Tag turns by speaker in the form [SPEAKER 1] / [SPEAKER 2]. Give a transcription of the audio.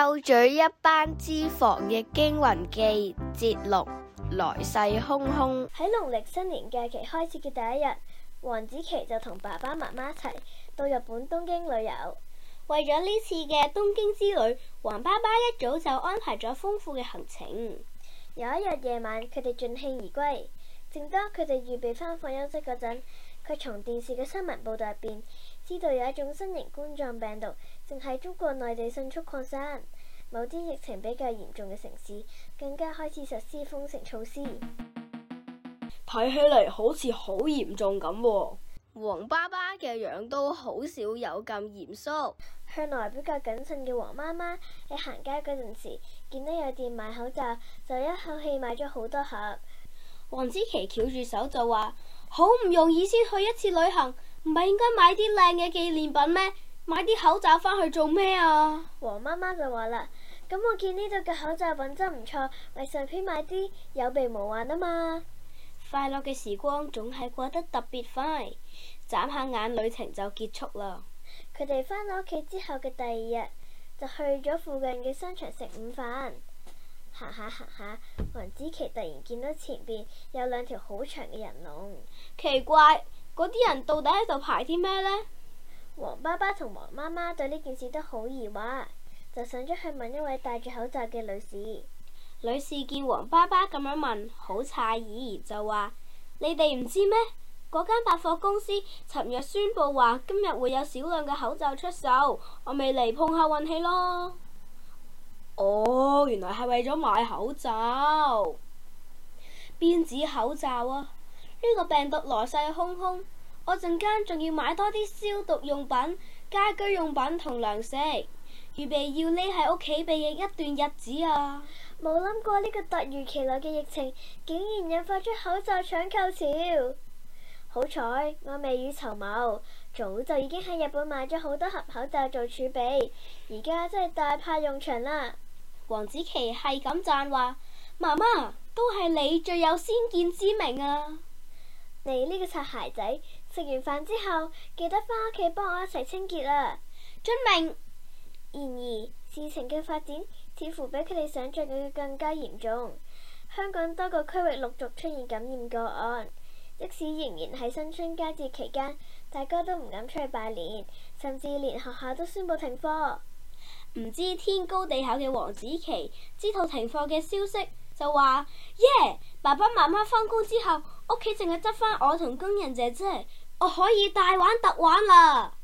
[SPEAKER 1] 鬥嘴一班25防疫驚魂記，節錄，來勢洶洶。喺農曆新年假期開始嘅第一日，黃子琪就同爸爸媽媽一齊到日本東京旅遊。為咗呢次嘅東京之旅，黃爸爸一早就安排咗豐富嘅行程。有一日夜晚，佢哋盡興而歸。正當佢哋預備翻房休息嗰陣，佢從電視嘅新聞報道入邊知道有一種新型冠狀病毒正喺中國內地迅速擴散，某啲疫情比較嚴重嘅城市更加開始實施封城措施。睇起嚟好似好嚴重咁。黃爸爸嘅樣都好少有咁嚴肅，向來比較謹慎嘅黃媽媽喺行街嗰陣時，見到有店賣口罩，就一口氣買咗好多盒。黃子琪翹住手就話：好唔容易先去一次旅行，唔係應該買啲靚嘅紀念品咩？買啲口罩返去做咩啊？黃媽媽就話啦：咁、嗯、我見呢度嘅口罩品質唔錯，咪順便買啲有備無患啊嘛。快樂嘅時光總係過得特別快，眨下眼旅程就結束啦。佢哋返到屋企之後嘅第二日，就去咗附近嘅商場食午飯。行下行下，黃子琪突然見到前邊有兩條好長嘅人龍，奇怪，嗰啲人到底喺度排啲咩呢？黃爸爸同黃媽媽對呢件事都好疑惑，就想咗去問一位戴住口罩嘅女士。女士見黃爸爸咁樣問，好詫異，就話：你哋唔知咩？嗰間百貨公司尋日宣布話今日會有少量嘅口罩出售，我咪嚟碰下運氣咯。哦，原來係為咗買口罩。邊止口罩啊！呢個病毒來勢洶洶，我陣間仲要買多啲消毒用品、家居用品同糧食，預備要匿喺屋企避疫一段日子啊！冇諗過呢個突如其來嘅疫情，竟然引發出口罩搶購潮。好彩我未雨綢繆，早就已經喺日本買咗好多盒口罩做儲備，而家真係大派用場啦！黃子琪係咁讚話：媽媽都係你最有先見之明啊！你呢個擦鞋仔食完飯之後，記得返屋企幫我一齊清潔啊。遵命。然而，事情嘅發展似乎比佢哋想象嘅更加嚴重。香港多個區域陸續出現感染個案，即使仍然喺新春佳節期間，大家都唔敢出去拜年，甚至連學校都宣布停課。唔知天高地厚嘅黃子祺知道停課嘅消息，就話耶！Yeah! 爸爸媽媽返工之後，屋企淨係執翻我同工人姐姐，我可以大玩特玩啦！